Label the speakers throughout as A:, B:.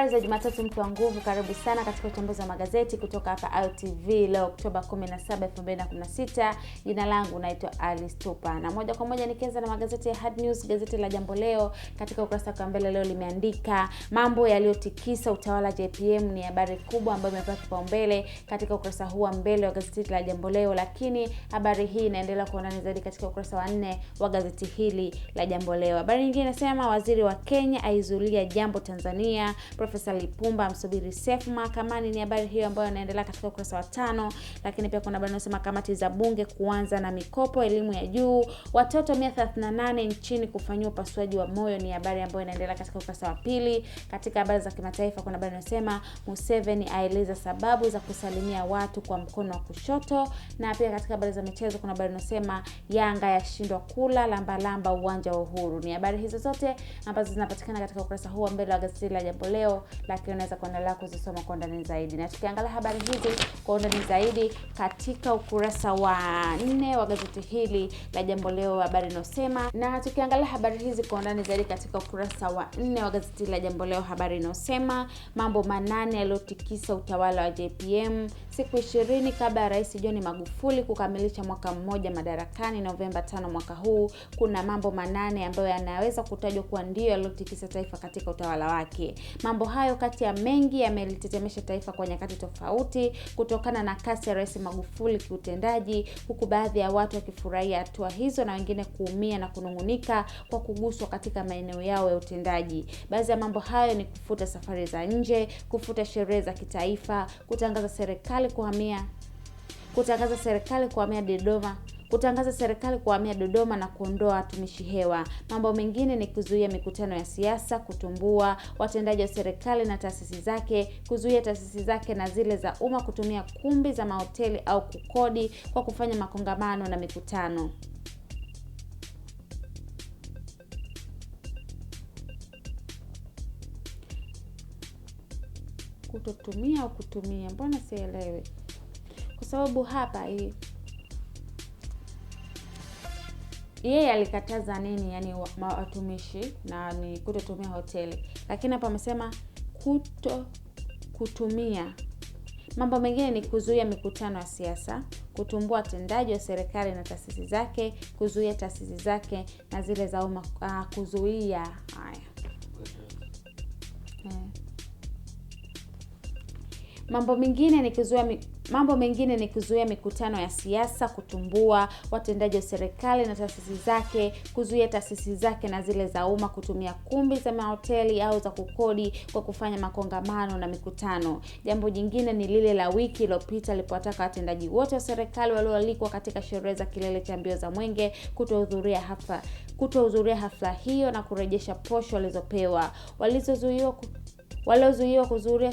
A: habari za Jumatatu, mtu wa nguvu, karibu sana katika uchambuzi wa magazeti kutoka hapa Ayo leo Oktoba 17, Jina langu naitwa Alice Tupa na moja kwa moja nikianza na magazeti ya Hard News. Gazeti la Jambo Leo katika ukurasa wa mbele leo limeandika mambo yaliyotikisa utawala JPM, ni habari kubwa ambayo imepewa kipaumbele katika ukurasa huu wa mbele wa gazeti la Jambo Leo, lakini habari hii inaendelea kuonana zaidi katika ukurasa wa nne wa gazeti hili la Jambo Leo. Habari nyingine inasema waziri wa Kenya aizulia jambo Tanzania. Prof. Profesa Lipumba amsubiri sef mahakamani, ni habari hiyo ambayo inaendelea katika ukurasa wa tano. Lakini pia kuna habari inayosema kamati za bunge kuanza na mikopo elimu ya juu, watoto 138 nchini kufanyiwa upasuaji wa moyo, ni habari ambayo inaendelea katika ukurasa wa pili. Katika habari za kimataifa kuna habari inayosema Museveni aeleza sababu za kusalimia watu kwa mkono wa kushoto, na pia katika habari za michezo kuna habari inayosema Yanga yashindwa kula lambalamba uwanja wa Uhuru. Ni habari hizo zote ambazo zinapatikana katika ukurasa huu wa mbele wa gazeti la Jambo Leo lakini unaweza kuendelea kuzisoma kwa undani zaidi, na tukiangalia habari hizi kwa undani zaidi katika ukurasa wa nne wa gazeti hili la Jambo Leo, habari inayosema na tukiangalia habari hizi kwa undani zaidi katika ukurasa wa nne wa gazeti la Jambo Leo, habari inayosema mambo manane yaliyotikisa utawala wa JPM siku ishirini kabla ya Rais John Magufuli kukamilisha mwaka mmoja madarakani Novemba 5 mwaka huu. Kuna mambo manane ambayo yanaweza kutajwa kuwa ndio yaliyotikisa taifa katika utawala wake. Mambo hayo kati ya mengi yamelitetemesha taifa kwa nyakati tofauti kutokana na kasi ya Rais Magufuli kiutendaji, huku baadhi ya watu wakifurahia hatua hizo na wengine kuumia na kunung'unika kwa kuguswa katika maeneo yao ya utendaji. Baadhi ya mambo hayo ni kufuta safari za nje, kufuta sherehe za kitaifa, kutangaza serikali kuhamia kutangaza serikali kuhamia Dodoma kutangaza serikali kuhamia Dodoma na kuondoa watumishi hewa. Mambo mengine ni kuzuia mikutano ya siasa, kutumbua watendaji wa serikali na taasisi zake, kuzuia taasisi zake na zile za umma kutumia kumbi za mahoteli au kukodi kwa kufanya makongamano na mikutano. Kutotumia au kutumia, mbona sielewi? Kwa sababu hapa hii yeye alikataza nini, yani watumishi na ni kutotumia hoteli, lakini hapa amesema kuto kutumia. Mambo mengine ni kuzuia mikutano ya siasa, kutumbua watendaji wa serikali na taasisi zake, kuzuia taasisi zake na zile za umma, uh, kuzuia haya eh. mambo mengine ni kuzuia Mambo mengine ni kuzuia mikutano ya siasa, kutumbua watendaji wa serikali na taasisi zake, kuzuia taasisi zake na zile za umma kutumia kumbi za mahoteli au za kukodi kwa kufanya makongamano na mikutano. Jambo jingine ni lile la wiki iliyopita lipowataka watendaji wote wa serikali walioalikwa katika sherehe za kilele cha mbio za Mwenge kutohudhuria hafla kutohudhuria hafla hiyo na kurejesha posho walizopewa. Walizozuiwa waliozuiwa kuzuria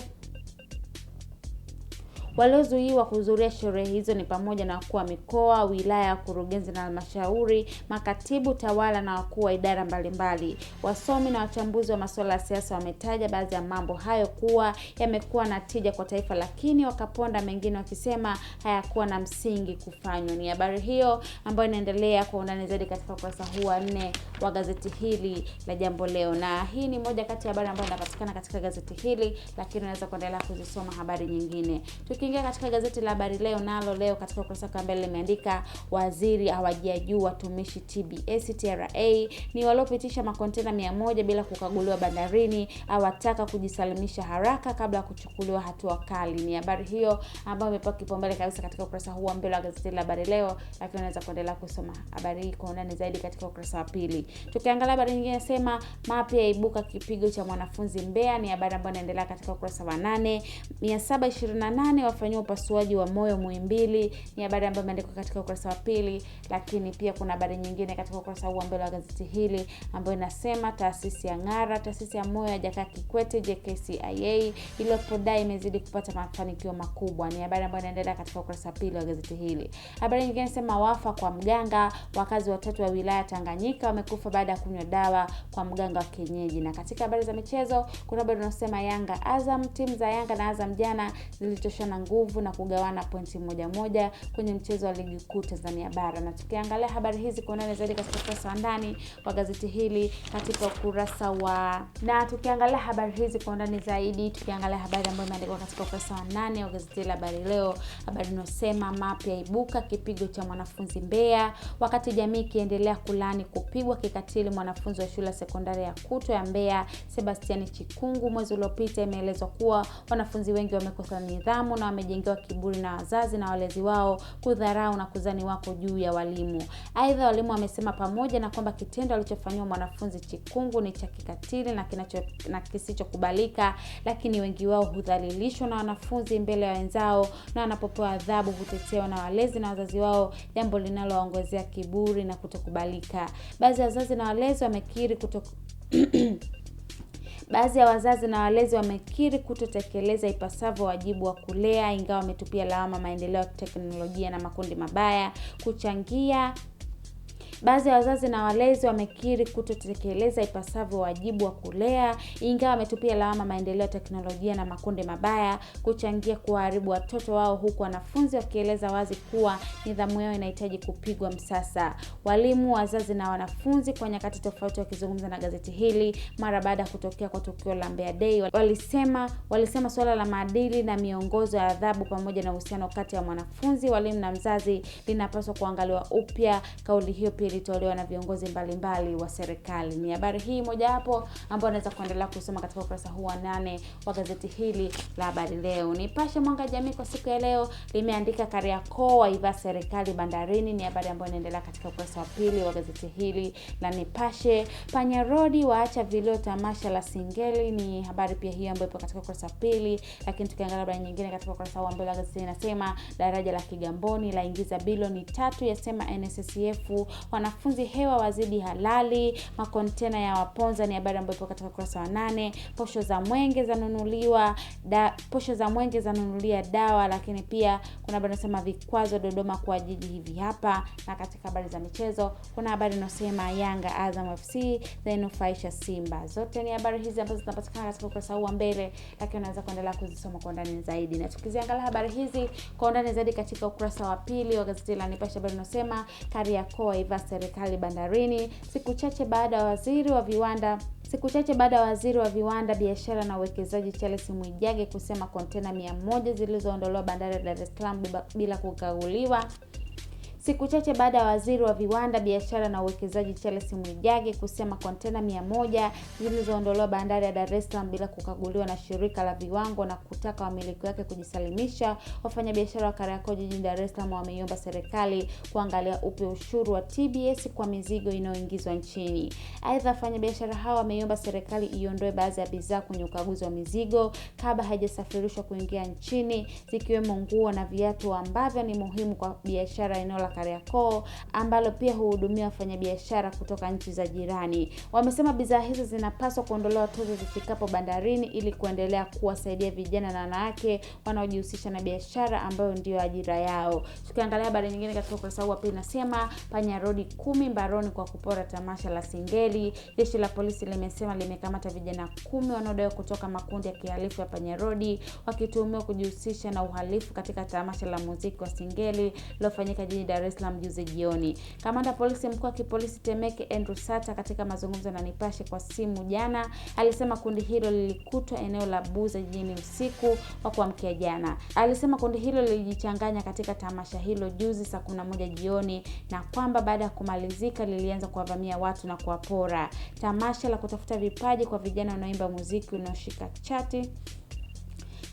A: Waliozuiwa kuhudhuria sherehe hizo ni pamoja na wakuu wa mikoa, wilaya, wakurugenzi na halmashauri, makatibu tawala na wakuu wa idara mbalimbali. Wasomi na wachambuzi wa masuala ya siasa wametaja baadhi ya mambo hayo kuwa yamekuwa na tija kwa taifa, lakini wakaponda mengine wakisema hayakuwa na msingi kufanywa. Ni habari hiyo ambayo inaendelea kwa undani zaidi katika ukurasa huu wa nne wa gazeti hili la Jambo Leo, na hii ni moja kati ya habari ambayo inapatikana katika gazeti hili, lakini unaweza kuendelea kuzisoma habari nyingine Tuki Tukiingia katika gazeti la Habari Leo, nalo leo katika ukurasa wa mbele limeandika waziri hawajajua watumishi TBS TRA ni waliopitisha makontena 100 bila kukaguliwa bandarini, awataka kujisalimisha haraka kabla ya kuchukuliwa hatua kali. Ni habari hiyo ambayo imepewa kipaumbele kabisa katika ukurasa huu wa mbele wa gazeti la Habari Leo, lakini unaweza kuendelea kusoma habari hii kwa undani zaidi katika ukurasa wa pili. Tukiangalia habari nyingine inasema mapya yaibuka kipigo cha mwanafunzi Mbeya, ni habari ambayo inaendelea katika ukurasa wa 8 728 wa kufanyiwa upasuaji wa moyo Muhimbili ni habari ambayo imeandikwa katika ukurasa wa pili, lakini pia kuna habari nyingine katika ukurasa huu wa mbele wa gazeti hili ambayo inasema taasisi ya Ng'ara, taasisi ya moyo ya Jakaya Kikwete JKCIA iliyopodai imezidi kupata mafanikio makubwa, ni habari ambayo inaendelea katika ukurasa wa pili wa gazeti hili. Habari nyingine inasema wafa kwa mganga, wakazi watatu wa wilaya Tanganyika wamekufa baada ya kunywa dawa kwa mganga wa kienyeji. Na katika habari za michezo kuna habari inayosema Yanga Azam, timu za Yanga na Azam jana zilitoshana nguvu na kugawana pointi moja moja kwenye mchezo wa ligi kuu Tanzania bara. Na tukiangalia habari hizi kwa undani zaidi katika ukurasa wa ndani wa gazeti hili katika ukurasa wa na tukiangalia habari hizi kwa undani zaidi, tukiangalia habari ambayo imeandikwa katika ukurasa wa nane wa gazeti la Habari Leo, habari inayosema mapya ibuka kipigo cha mwanafunzi Mbeya, wakati jamii ikiendelea kulani kupigwa kikatili mwanafunzi wa shule ya sekondari ya Kuto ya Mbeya Sebastiani Chikungu mwezi uliopita. Imeelezwa kuwa wanafunzi wengi wamekosa nidhamu na wamejengewa kiburi na wazazi na walezi wao kudharau na kuzani wako juu ya walimu. Aidha, walimu wamesema pamoja na kwamba kitendo alichofanyiwa mwanafunzi Chikungu ni cha kikatili na kinacho na kisichokubalika, lakini wengi wao hudhalilishwa na wanafunzi mbele ya wenzao na wanapopewa adhabu hutetewa na walezi na wazazi wao, jambo linalowaongezea kiburi na kutokubalika. Baadhi ya wazazi na walezi wamekiri kuto Baadhi ya wazazi na walezi wamekiri kutotekeleza ipasavyo wajibu wa kulea, ingawa wametupia lawama maendeleo ya teknolojia na makundi mabaya kuchangia Baadhi ya wazazi na walezi wamekiri kutotekeleza ipasavyo wajibu wa kulea, ingawa wametupia lawama maendeleo ya teknolojia na makundi mabaya kuchangia kuwaharibu watoto wao, huku wanafunzi wakieleza wazi kuwa nidhamu yao inahitaji kupigwa msasa. Walimu, wazazi na wanafunzi kwa nyakati tofauti wakizungumza na gazeti hili mara baada ya kutokea kwa tukio la Mbeya Day, walisema walisema suala la maadili na miongozo ya adhabu pamoja na uhusiano kati ya mwanafunzi, walimu na mzazi linapaswa kuangaliwa upya. Kauli hiyo pia ilitolewa na viongozi mbalimbali mbali wa serikali. Ni habari hii mojawapo ambayo unaweza kuendelea kusoma katika ukurasa huu wa nane wa gazeti hili la habari leo. Nipashe mwanga jamii kwa siku ya leo limeandika Kariakoo waiva serikali bandarini, ni habari ambayo inaendelea katika ukurasa wa pili wa gazeti hili la Nipashe. Panyarodi waacha vilio tamasha la Singeli, ni habari pia hiyo ambayo ipo katika ukurasa wa pili. Lakini tukiangalia habari nyingine katika ukurasa wa mbele wa gazeti inasema daraja la Kigamboni laingiza bilioni tatu, yasema NSSF wanafunzi hewa wazidi halali, makontena ya waponza ni habari ambayo ipo katika ukurasa wa nane. Posho za mwenge zanunuliwa da, posho za mwenge zanunulia dawa, lakini pia kuna habari inasema vikwazo Dodoma kwa jiji hivi hapa, na katika habari za michezo kuna habari inasema Yanga Azam FC zainufaisha Simba. Zote ni habari hizi ambazo zinapatikana katika ukurasa huu wa mbele, lakini unaweza kuendelea kuzisoma kwa undani zaidi, na tukiziangalia habari hizi kwa undani zaidi katika ukurasa wa pili wa gazeti la Nipashe, habari inasema Kariakoo Ivasi serikali bandarini siku chache baada ya waziri wa viwanda siku chache baada ya waziri wa viwanda, biashara na uwekezaji Charles Mwijage kusema kontena mia moja zilizoondolewa bandari ya Dar es Salaam bila kukaguliwa Siku chache baada ya waziri wa viwanda, biashara na uwekezaji Charles Mwijage kusema kontena mia moja zilizoondolewa bandari ya Dar es Salaam bila kukaguliwa na shirika la viwango na kutaka wamiliki wake kujisalimisha, wafanyabiashara wa Kariakoo jijini Dar es Salaam wameiomba serikali kuangalia upya ushuru wa TBS kwa mizigo inayoingizwa nchini. Aidha, wafanyabiashara hao wameiomba serikali iondoe baadhi ya bidhaa kwenye ukaguzi wa mizigo kabla haijasafirishwa kuingia nchini, zikiwemo nguo na viatu ambavyo ni muhimu kwa biashara eneo la Kariakoo ambalo pia huhudumia wafanyabiashara kutoka nchi za jirani. Wamesema bidhaa hizo zinapaswa kuondolewa tozo zifikapo bandarini ili kuendelea kuwasaidia vijana na wanawake wanaojihusisha na biashara ambayo ndio ajira yao. Tukiangalia habari nyingine katika ukurasa huu wa pili, panya rodi kumi mbaroni kwa kupora tamasha la Singeli. Jeshi la polisi limesema limekamata vijana kumi wanaodaiwa kutoka makundi ya kihalifu ya rodi wakituhumiwa kujihusisha na uhalifu katika tamasha la muziki wa Singeli lilofanyika jijini Dar es Salaam juzi jioni. Kamanda polisi mkuu wa kipolisi Temeke Andrew Sata katika mazungumzo na Nipashe kwa simu jana alisema kundi hilo lilikutwa eneo la Buza jijini usiku wa kuamkia jana. Alisema kundi hilo lilijichanganya katika tamasha hilo juzi saa kumi na moja jioni na kwamba baada ya kumalizika lilianza kuwavamia watu na kuwapora. Tamasha la kutafuta vipaji kwa vijana wanaoimba muziki unaoshika chati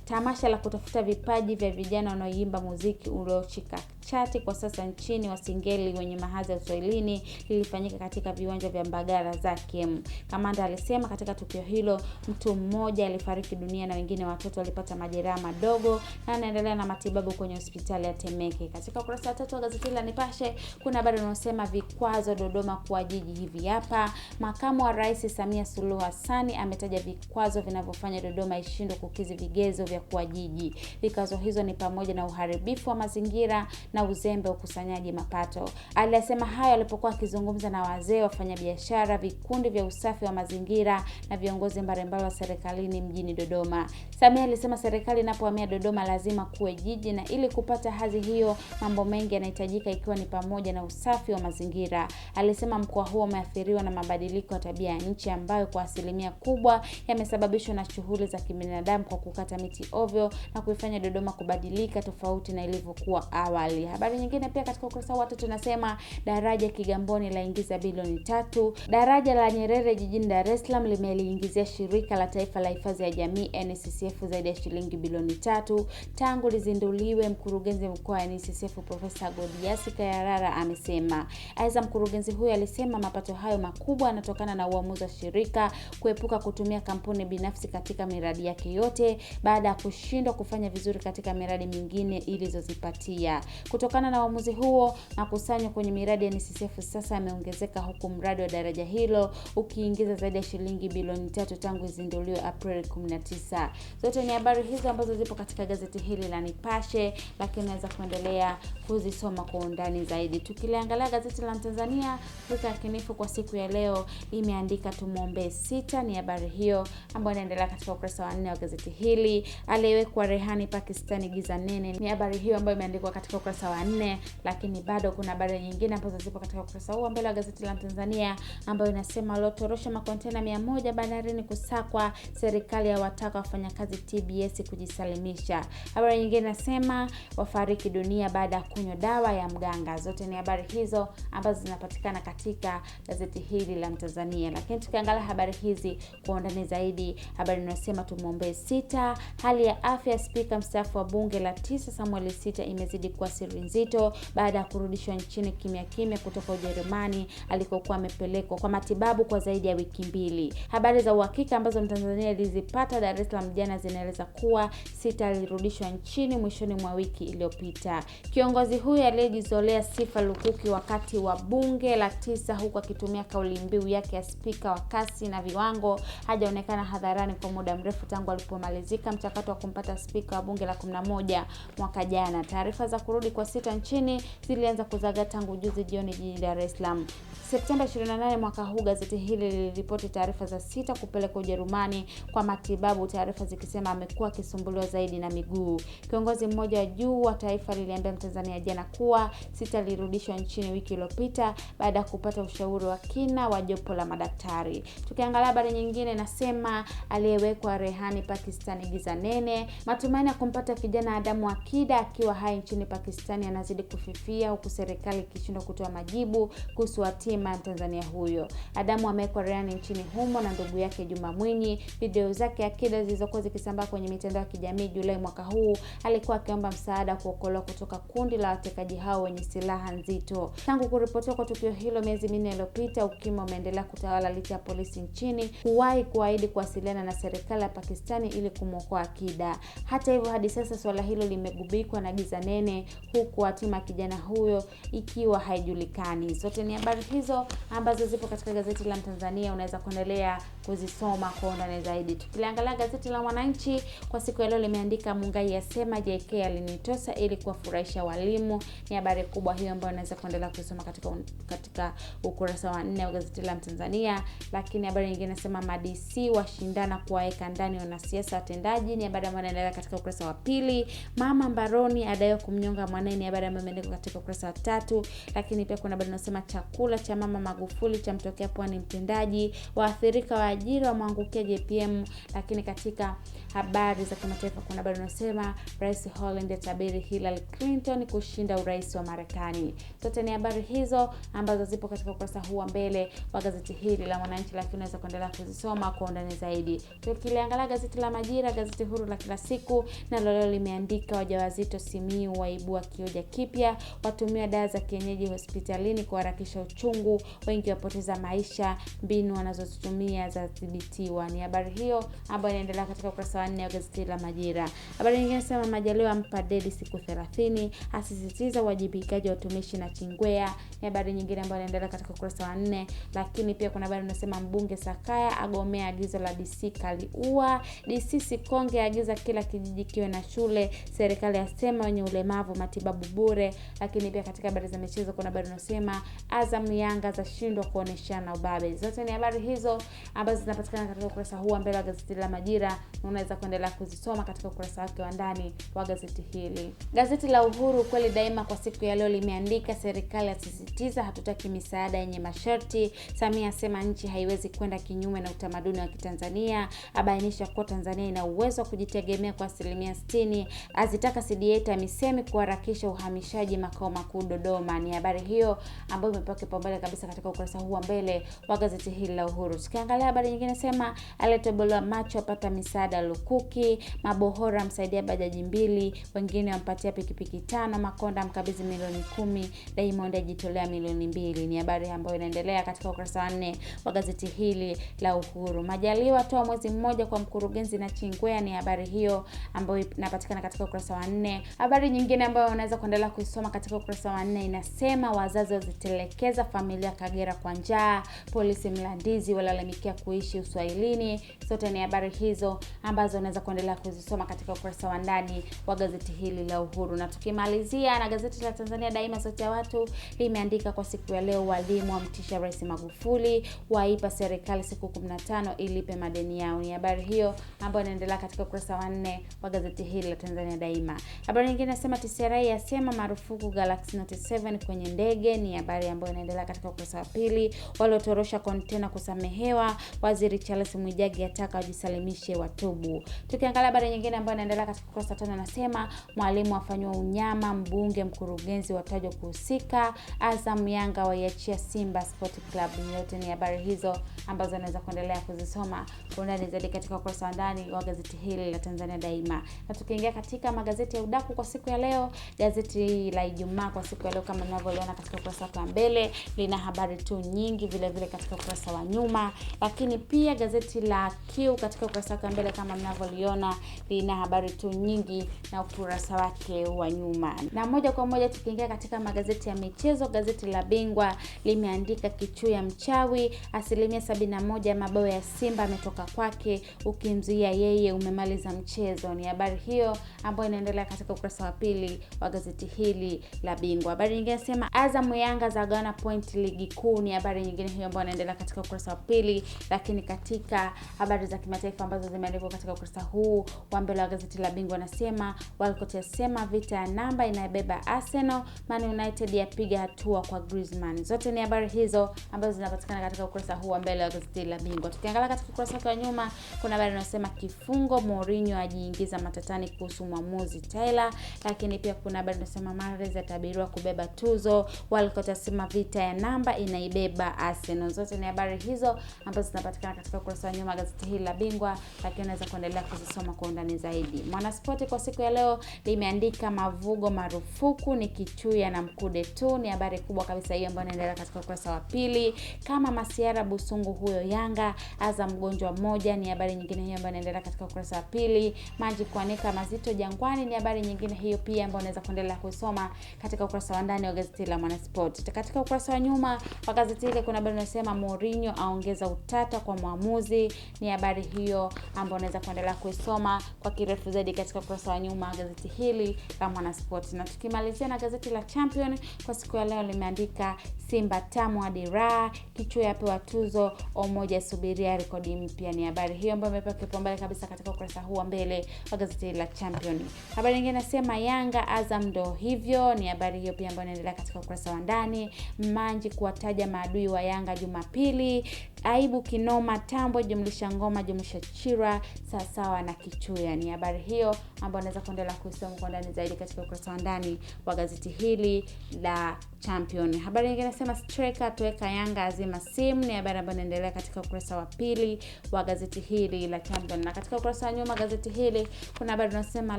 A: tamasha la kutafuta vipaji vya vijana wanaoimba muziki ulioshika chache kwa sasa nchini wa singeli wenye mahadhi ya Uswahilini lilifanyika katika viwanja vya Mbagala Zakem. Kamanda alisema katika tukio hilo mtu mmoja alifariki dunia na wengine watoto walipata majeraha madogo na anaendelea na matibabu kwenye hospitali ya Temeke. Katika ukurasa wa tatu wa gazeti la Nipashe kuna habari unaosema vikwazo Dodoma kuwa jiji hivi hapa. Makamu wa Rais Samia Suluhu Hassan ametaja vikwazo vinavyofanya Dodoma ishindwe kukidhi vigezo vya kuwa jiji. Vikwazo hizo ni pamoja na uharibifu wa mazingira na uzembe wa ukusanyaji mapato. Aliyasema hayo alipokuwa akizungumza na wazee, wafanyabiashara, vikundi vya usafi wa mazingira na viongozi mbalimbali wa serikalini mjini Dodoma. Samia alisema serikali inapohamia Dodoma lazima kuwe jiji, na ili kupata hadhi hiyo mambo mengi yanahitajika, ikiwa ni pamoja na usafi wa mazingira. Alisema mkoa huo umeathiriwa na mabadiliko ya tabia ya nchi ambayo kwa asilimia kubwa yamesababishwa na shughuli za kibinadamu kwa kukata miti ovyo na kuifanya Dodoma kubadilika tofauti na ilivyokuwa awali. Tanzania. Habari nyingine pia katika ukurasa watu tunasema daraja Kigamboni laingiza bilioni tatu. Daraja la Nyerere jijini Dar es Salaam limeliingizia shirika la taifa la hifadhi ya jamii NSSF zaidi ya shilingi bilioni tatu tangu lizinduliwe. Mkurugenzi mkuu wa NSSF Profesa Godiasi Kayarara amesema. Aidha, mkurugenzi huyo alisema mapato hayo makubwa yanatokana na uamuzi wa shirika kuepuka kutumia kampuni binafsi katika miradi yake yote baada ya kushindwa kufanya vizuri katika miradi mingine ilizozipatia. Kutokana na uamuzi huo, makusanyo kwenye miradi ya NSSF sasa yameongezeka, huku mradi wa daraja hilo ukiingiza zaidi ya shilingi bilioni tatu tangu izinduliwe Aprili 19. Zote ni habari hizo ambazo zipo katika gazeti hili la Nipashe, lakini unaweza kuendelea kuzisoma kwa undani zaidi. Tukiliangalia gazeti la Tanzania, Afrika Yakinifu kwa siku ya leo imeandika tumwombee sita, ni habari hiyo ambayo inaendelea katika ukurasa wa nne wa gazeti hili. Aliyewekwa rehani Pakistani giza nene, ni habari hiyo ambayo imeandikwa katika ukurasa ukurasa wa nne, lakini bado kuna habari nyingine ambazo zipo katika ukurasa huu wa mbele wa gazeti la Mtanzania ambayo inasema waliotorosha makontena mia moja bandarini kusakwa, serikali ya wataka wafanyakazi TBS kujisalimisha. Habari nyingine inasema wafariki dunia baada ya kunywa dawa ya mganga. Zote ni habari hizo ambazo zinapatikana katika gazeti hili la Mtanzania, lakini tukiangalia habari hizi kwa undani zaidi, habari inasema tumwombee Sita, hali ya afya spika mstaafu wa bunge la tisa Samuel Sita imezidi kuwa siri safari nzito baada ya kurudishwa nchini kimya kimya kutoka Ujerumani alikokuwa amepelekwa kwa matibabu kwa zaidi ya wiki mbili. Habari za uhakika ambazo Mtanzania alizipata Dar es Salaam jana zinaeleza kuwa Sita alirudishwa nchini mwishoni mwa wiki iliyopita. Kiongozi huyo aliyejizolea sifa lukuki wakati wa bunge la tisa, huku akitumia kauli mbiu yake ya spika wa kasi na viwango, hajaonekana hadharani kwa muda mrefu tangu alipomalizika mchakato wa kumpata spika wa bunge la 11 mwaka jana. Taarifa za kurudi kwa kwa sita nchini zilianza kuzaga tangu juzi jioni jijini Dar es Salaam. Septemba 28 mwaka huu gazeti hili liliripoti taarifa za Sita kupelekwa Ujerumani kwa matibabu, taarifa zikisema amekuwa akisumbuliwa zaidi na miguu. Kiongozi mmoja juu wa taifa liliambia Mtanzania jana kuwa Sita alirudishwa nchini wiki iliyopita baada ya kupata ushauri wa kina wa jopo la madaktari. Tukiangalia habari nyingine, nasema aliyewekwa rehani Pakistani giza nene, matumaini ya kumpata kijana Adamu Akida akiwa hai nchini Pakistani Pakistani anazidi kufifia huku serikali ikishindwa kutoa majibu kuhusu hatima Tanzania huyo. Adamu amewekwa rehani nchini humo na ndugu yake Juma Mwinyi. Video zake akida zilizokuwa zikisambaa kwenye mitandao ya kijamii Julai mwaka huu, alikuwa akiomba msaada kuokolewa kutoka kundi la watekaji hao wenye silaha nzito. Tangu kuripotiwa kwa tukio hilo miezi minne iliyopita, ukimya umeendelea kutawala licha ya polisi nchini kuwahi kuahidi kuwasiliana na serikali ya Pakistani ili kumwokoa Akida. Hata hivyo, hadi sasa suala hilo limegubikwa na giza nene huku hatima kijana huyo ikiwa haijulikani. Zote ni habari hizo ambazo zipo katika gazeti la Mtanzania, unaweza kuendelea kuzisoma kwa undani zaidi. Tukiliangalia gazeti la Mwananchi kwa siku ya leo limeandika Mungai asema JK alinitosa ili kuwafurahisha walimu. Ni habari kubwa hiyo ambayo unaweza kuendelea kusoma katika, katika ukurasa wa nne wa gazeti la Mtanzania. Lakini habari nyingine inasema madc washindana kuwaweka ndani wanasiasa watendaji, ni habari ambayo inaendelea katika ukurasa wa pili. Mama mbaroni adaiwa kumnyonga mwana nne ni habari ambayo imeandikwa katika ukurasa wa tatu, lakini pia kuna habari inasema chakula cha mama Magufuli cha chamtokea pwani mtendaji, waathirika wa ajira wamwangukia JPM. Lakini katika habari za kimataifa kuna habari inasema Rais Holland atabiri Hillary Clinton kushinda urais wa Marekani. Zote ni habari hizo ambazo zipo katika ukurasa huu wa mbele wa gazeti hili la Mwananchi, lakini unaweza kuendelea kuzisoma kwa undani zaidi. Tukiliangalia gazeti la Majira, gazeti huru la kila siku, na leo limeandika wajawazito Simiyu waibua kioja kipya, watumia dawa za kienyeji hospitalini kuharakisha uchungu, wengi wapoteza maisha, mbinu wanazozitumia zadhibitiwa. Ni habari hiyo ambayo inaendelea katika ukurasa wa nne wa gazeti la Majira. Habari nyingine sema Majaliwa ampa Dedi siku 30, asisitiza uwajibikaji wa utumishi na Chingwea. Ni habari nyingine ambayo inaendelea katika ukurasa wa nne, lakini pia kuna habari unasema mbunge Sakaya agomea agizo la DC Kaliua, DC Sikonge agiza kila kijiji kiwe na shule, serikali yasema wenye ulemavu matibabu matibabu bure. Lakini pia katika habari za michezo kuna habari unasema Azam Yanga zashindwa kuoneshana ubabe. Zote ni habari hizo ambazo zinapatikana katika ukurasa huu mbele wa gazeti la Majira, unaweza kuendelea kuzisoma katika ukurasa wake wa ndani wa gazeti hili. Gazeti la Uhuru kweli daima kwa siku ya leo limeandika serikali yasisitiza hatutaki misaada yenye masharti. Samia asema nchi haiwezi kwenda kinyume na utamaduni wa Kitanzania, abainisha kuwa Tanzania ina uwezo wa kujitegemea kwa asilimia 60, azitaka CDA misemi kuharakisha kuhakikisha uhamishaji makao makuu Dodoma. Ni habari hiyo ambayo imepewa kipaumbele kabisa katika ukurasa huu wa mbele wa gazeti hili la Uhuru. Tukiangalia habari nyingine, sema aliyetobolewa macho apata misaada lukuki, mabohora msaidia bajaji mbili, wengine wampatia pikipiki tano, Makonda mkabidhi milioni kumi, Diamond ajitolea milioni mbili. Ni habari ambayo inaendelea katika ukurasa wa nne wa gazeti hili la Uhuru. Majaliwa toa mwezi mmoja kwa mkurugenzi na Chingwea, ni habari hiyo ambayo inapatikana katika ukurasa wa nne. Habari nyingine ambayo unaweza kuendelea kuisoma katika ukurasa wa nne. Inasema wazazi wazitelekeza familia Kagera kwa njaa, polisi mlandizi walalamikia kuishi uswahilini. Zote ni habari hizo ambazo unaweza kuendelea kuzisoma katika ukurasa wa ndani wa gazeti hili la Uhuru, na tukimalizia na gazeti la Tanzania Daima, sauti ya watu, limeandika kwa siku ya leo, walimu wamtisha Rais Magufuli, waipa serikali siku 15 ilipe madeni yao. Ni habari hiyo ambayo inaendelea katika ukurasa wa nne wa gazeti hili la Tanzania Daima. Habari nyingine nasema TCRA yasema marufuku Galaxy Note 7 kwenye ndege, ni habari ambayo inaendelea katika ukurasa wa pili. Waliotorosha kontena kusamehewa, waziri Charles Mwijage ataka wajisalimishe watubu. Tukiangalia habari nyingine ambayo inaendelea katika ukurasa tano, anasema mwalimu afanywa unyama, mbunge mkurugenzi watajwa kuhusika, Azam Yanga waiachia Simba Sport Club. Yote ni habari hizo ambazo anaweza kuendelea kuzisoma kwa undani zaidi katika ukurasa wa ndani wa gazeti hili la Tanzania Daima, na tukiingia katika magazeti ya udaku kwa siku ya leo Gazeti la Ijumaa kwa siku ya leo kama mnavyoona katika ukurasa wa mbele lina habari tu nyingi vile vile katika ukurasa wa nyuma, lakini pia gazeti la Q katika ukurasa wa mbele kama mnavyoliona lina habari tu nyingi na ukurasa wake wa nyuma. Na moja kwa moja tukiingia katika magazeti ya michezo, gazeti la Bingwa limeandika Kichuya mchawi, asilimia 71 ya mabao ya Simba ametoka kwake, ukimzuia yeye umemaliza mchezo. Ni habari hiyo ambayo inaendelea katika ukurasa wa pili wa gazeti hili la Bingwa. Habari nyingine nasema Azam Yanga za gana point ligi kuu, ni habari nyingine hiyo ambayo inaendelea katika ukurasa wa pili. Lakini katika habari za kimataifa ambazo zimeandikwa katika ukurasa huu wa mbele wa gazeti la Bingwa nasema Walcott yasema vita ya namba inayobeba Arsenal, Man United yapiga hatua kwa Griezmann. Zote ni habari hizo ambazo zinapatikana katika ukurasa huu wa mbele wa gazeti la Bingwa. Tukiangalia katika ukurasa wake wa nyuma, kuna habari inayosema kifungo, Mourinho ajiingiza matatani kuhusu mwamuzi Taylor, lakini pia kuna kuna habari nasema Mahrez atabiriwa kubeba tuzo, Walcott asema vita ya namba inaibeba Arsenal. Zote ni habari hizo ambazo zinapatikana katika ukurasa wa nyuma gazeti hili la Bingwa, lakini unaweza kuendelea kuzisoma kwa undani zaidi. Mwanaspoti kwa siku ya leo limeandika mavugo marufuku ni kichuya na mkude tu, ni habari kubwa kabisa hiyo ambayo inaendelea katika ukurasa wa pili. Kama Masiara Busungu huyo Yanga aza mgonjwa mmoja, ni habari nyingine hiyo ambayo inaendelea katika ukurasa wa pili. Maji kuanika mazito Jangwani, ni habari nyingine hiyo pia ambayo unaweza kuendelea kusoma katika ukurasa wa ndani wa gazeti la Mwanasport. Katika ukurasa wa nyuma wa gazeti hili kuna habari inasema Mourinho aongeza utata kwa mwamuzi. Ni habari hiyo ambayo unaweza kuendelea kusoma kwa kirefu zaidi katika ukurasa wa nyuma wa gazeti hili la Mwanasport, na tukimalizia na gazeti la Champion kwa siku ya leo limeandika Simba tamu hadi raha, kichwa yapewa tuzo, Omoja subiria rekodi mpya. Ni habari hiyo ambayo imepewa kipaumbele kabisa katika ukurasa huu wa mbele wa gazeti la Champion. Habari nyingine nasema Yanga Azam Azam. Ndo hivyo ni habari hiyo pia ambayo inaendelea katika ukurasa wa ndani. Manji kuwataja maadui wa Yanga Jumapili, aibu kinoma, tambo jumlisha ngoma jumlisha chira sawasawa na kichuya, ni habari hiyo ambao anaweza kuendelea kusoma kwa ndani zaidi katika ukurasa wa ndani wa gazeti hili la Champion. Habari nyingine nasema striker atuweka Yanga azima simu, ni habari ambayo inaendelea katika ukurasa wa pili wa gazeti hili la Champion, na katika ukurasa wa nyuma gazeti hili kuna habari tunasema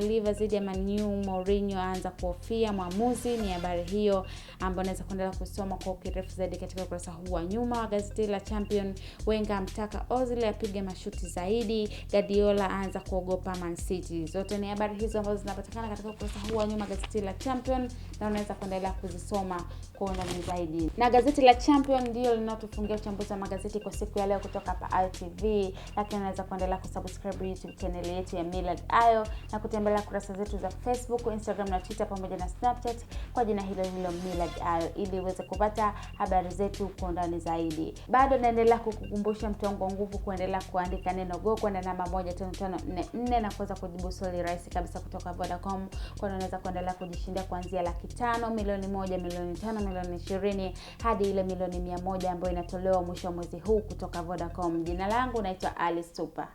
A: Liverpool zidi ya Man U, Mourinho aanza kuhofia mwamuzi, ni habari hiyo ambayo unaweza kuendelea kusoma kwa kirefu zaidi katika ukurasa huu wa nyuma wa gazeti hili la Champion. Wenga amtaka Ozil apige mashuti zaidi, Guardiola aanza kuogopa Man City, zote ni habari hizo ambazo zinapatikana katika ukurasa huu wa nyuma gazeti la Champion, na unaweza kuendelea kuzisoma kwa undani zaidi. Na gazeti la Champion ndio linalotufungia uchambuzi wa magazeti kwa siku ya leo kutoka hapa ITV, lakini unaweza kuendelea kusubscribe YouTube channel yetu ya Millard Ayo na kutembelea kurasa zetu za Facebook, Instagram na Twitter pamoja na Snapchat kwa jina hilo hilo Millard Ayo ili uweze kupata habari zetu kwa undani zaidi. Bado naendelea kukukumbusha mtongo nguvu kuendelea kuandika neno go kwenda namba 15544 na kuweza kujibu swali rahisi rahisi kabisa kutoka Vodacom, hiyo unaweza kuendelea kujishindia kuanzia laki tano, milioni moja, milioni tano, milioni ishirini hadi ile milioni mia moja ambayo inatolewa mwisho wa mwezi huu kutoka Vodacom. Jina langu naitwa Alice super